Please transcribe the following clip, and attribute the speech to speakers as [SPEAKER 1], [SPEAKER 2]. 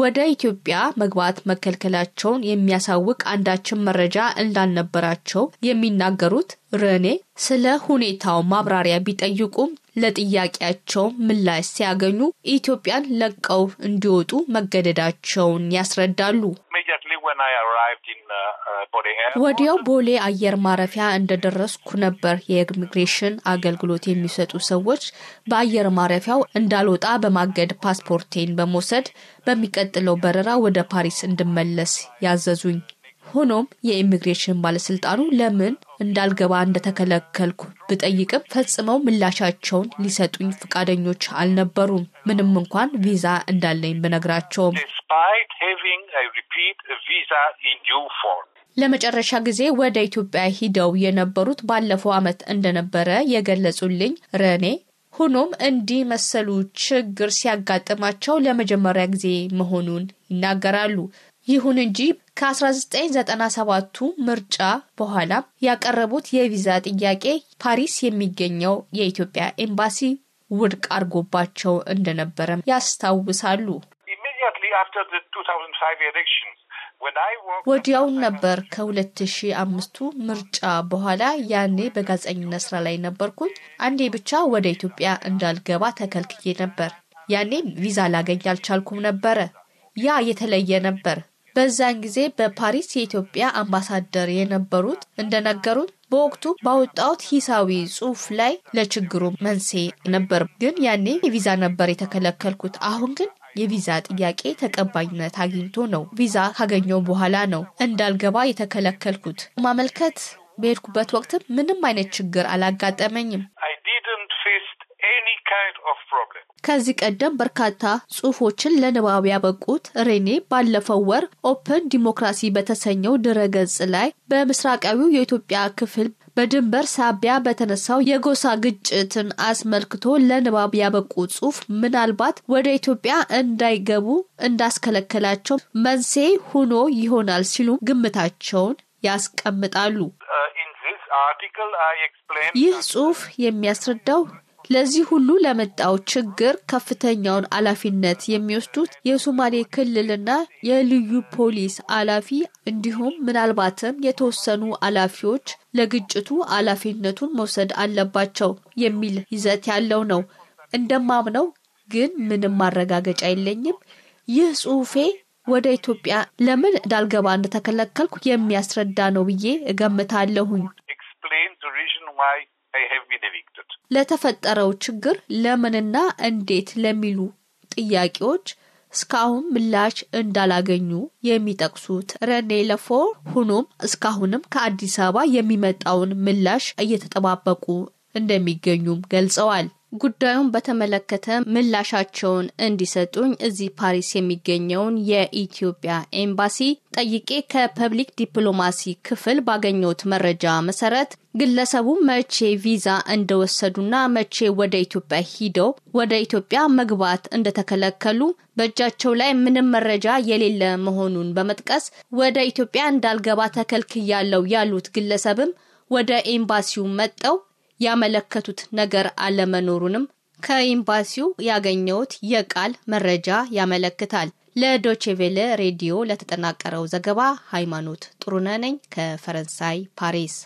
[SPEAKER 1] ወደ ኢትዮጵያ መግባት መከልከላቸውን የሚያሳውቅ አንዳችን መረጃ እንዳልነበራቸው የሚናገሩት ረኔ ስለ ሁኔታው ማብራሪያ ቢጠይቁም ለጥያቄያቸው ምላሽ ሲያገኙ ኢትዮጵያን ለቀው እንዲወጡ መገደዳቸውን ያስረዳሉ። Uh, uh, ወዲያው ቦሌ አየር ማረፊያ እንደደረስኩ ነበር የኢሚግሬሽን አገልግሎት የሚሰጡ ሰዎች በአየር ማረፊያው እንዳልወጣ በማገድ ፓስፖርቴን በመውሰድ በሚቀጥለው በረራ ወደ ፓሪስ እንድመለስ ያዘዙኝ። ሆኖም የኢሚግሬሽን ባለስልጣኑ ለምን እንዳልገባ እንደተከለከልኩ ብጠይቅም ፈጽመው ምላሻቸውን ሊሰጡኝ ፈቃደኞች አልነበሩም፣ ምንም እንኳን ቪዛ እንዳለኝ ብነግራቸውም። despite having, I repeat, a visa in due form. ለመጨረሻ ጊዜ ወደ ኢትዮጵያ ሂደው የነበሩት ባለፈው ዓመት እንደነበረ የገለጹልኝ ረኔ ሆኖም እንዲህ መሰሉ ችግር ሲያጋጥማቸው ለመጀመሪያ ጊዜ መሆኑን ይናገራሉ። ይሁን እንጂ ከ1997ቱ ምርጫ በኋላ ያቀረቡት የቪዛ ጥያቄ ፓሪስ የሚገኘው የኢትዮጵያ ኤምባሲ ውድቅ አድርጎባቸው እንደነበረም ያስታውሳሉ። ወዲያውን ነበር ከሁለት ሺ አምስቱ ምርጫ በኋላ ያኔ በጋዜጠኝነት ስራ ላይ ነበርኩኝ። አንዴ ብቻ ወደ ኢትዮጵያ እንዳልገባ ተከልክዬ ነበር። ያኔም ቪዛ ላገኝ አልቻልኩም ነበረ። ያ የተለየ ነበር። በዛን ጊዜ በፓሪስ የኢትዮጵያ አምባሳደር የነበሩት እንደነገሩት በወቅቱ ባወጣሁት ሂሳዊ ጽሑፍ ላይ ለችግሩ መንስኤ ነበር። ግን ያኔ ቪዛ ነበር የተከለከልኩት። አሁን ግን የቪዛ ጥያቄ ተቀባይነት አግኝቶ ነው። ቪዛ ካገኘው በኋላ ነው እንዳልገባ የተከለከልኩት። ማመልከት በሄድኩበት ወቅትም ምንም አይነት ችግር አላጋጠመኝም። ከዚህ ቀደም በርካታ ጽሁፎችን ለንባብ ያበቁት ሬኔ ባለፈው ወር ኦፕን ዲሞክራሲ በተሰኘው ድረገጽ ላይ በምስራቃዊው የኢትዮጵያ ክፍል በድንበር ሳቢያ በተነሳው የጎሳ ግጭትን አስመልክቶ ለንባብ ያበቁ ጽሑፍ ምናልባት ወደ ኢትዮጵያ እንዳይገቡ እንዳስከለከላቸው መንስኤ ሆኖ ይሆናል ሲሉም ግምታቸውን ያስቀምጣሉ። uh, ይህ ጽሁፍ የሚያስረዳው ለዚህ ሁሉ ለመጣው ችግር ከፍተኛውን ኃላፊነት የሚወስዱት የሶማሌ ክልልና የልዩ ፖሊስ ኃላፊ እንዲሁም ምናልባትም የተወሰኑ ኃላፊዎች ለግጭቱ ኃላፊነቱን መውሰድ አለባቸው የሚል ይዘት ያለው ነው። እንደማምነው ግን ምንም ማረጋገጫ የለኝም። ይህ ጽሁፌ ወደ ኢትዮጵያ ለምን እንዳልገባ እንደተከለከልኩ የሚያስረዳ ነው ብዬ እገምታለሁኝ። ለተፈጠረው ችግር ለምንና እንዴት ለሚሉ ጥያቄዎች እስካሁን ምላሽ እንዳላገኙ የሚጠቅሱት ረኔ ለፎር ሁኖም እስካሁንም ከአዲስ አበባ የሚመጣውን ምላሽ እየተጠባበቁ እንደሚገኙም ገልጸዋል። ጉዳዩን በተመለከተ ምላሻቸውን እንዲሰጡኝ እዚህ ፓሪስ የሚገኘውን የኢትዮጵያ ኤምባሲ ጠይቄ ከፐብሊክ ዲፕሎማሲ ክፍል ባገኘሁት መረጃ መሰረት ግለሰቡ መቼ ቪዛ እንደወሰዱና መቼ ወደ ኢትዮጵያ ሂደው ወደ ኢትዮጵያ መግባት እንደተከለከሉ በእጃቸው ላይ ምንም መረጃ የሌለ መሆኑን በመጥቀስ ወደ ኢትዮጵያ እንዳልገባ ተከልክያለው ያሉት ግለሰብም ወደ ኤምባሲው መጠው ያመለከቱት ነገር አለመኖሩንም ከኤምባሲው ያገኘሁት የቃል መረጃ ያመለክታል። ለዶቼቬለ ሬዲዮ ለተጠናቀረው ዘገባ ሃይማኖት ጥሩነህ ነኝ ከፈረንሳይ ፓሪስ።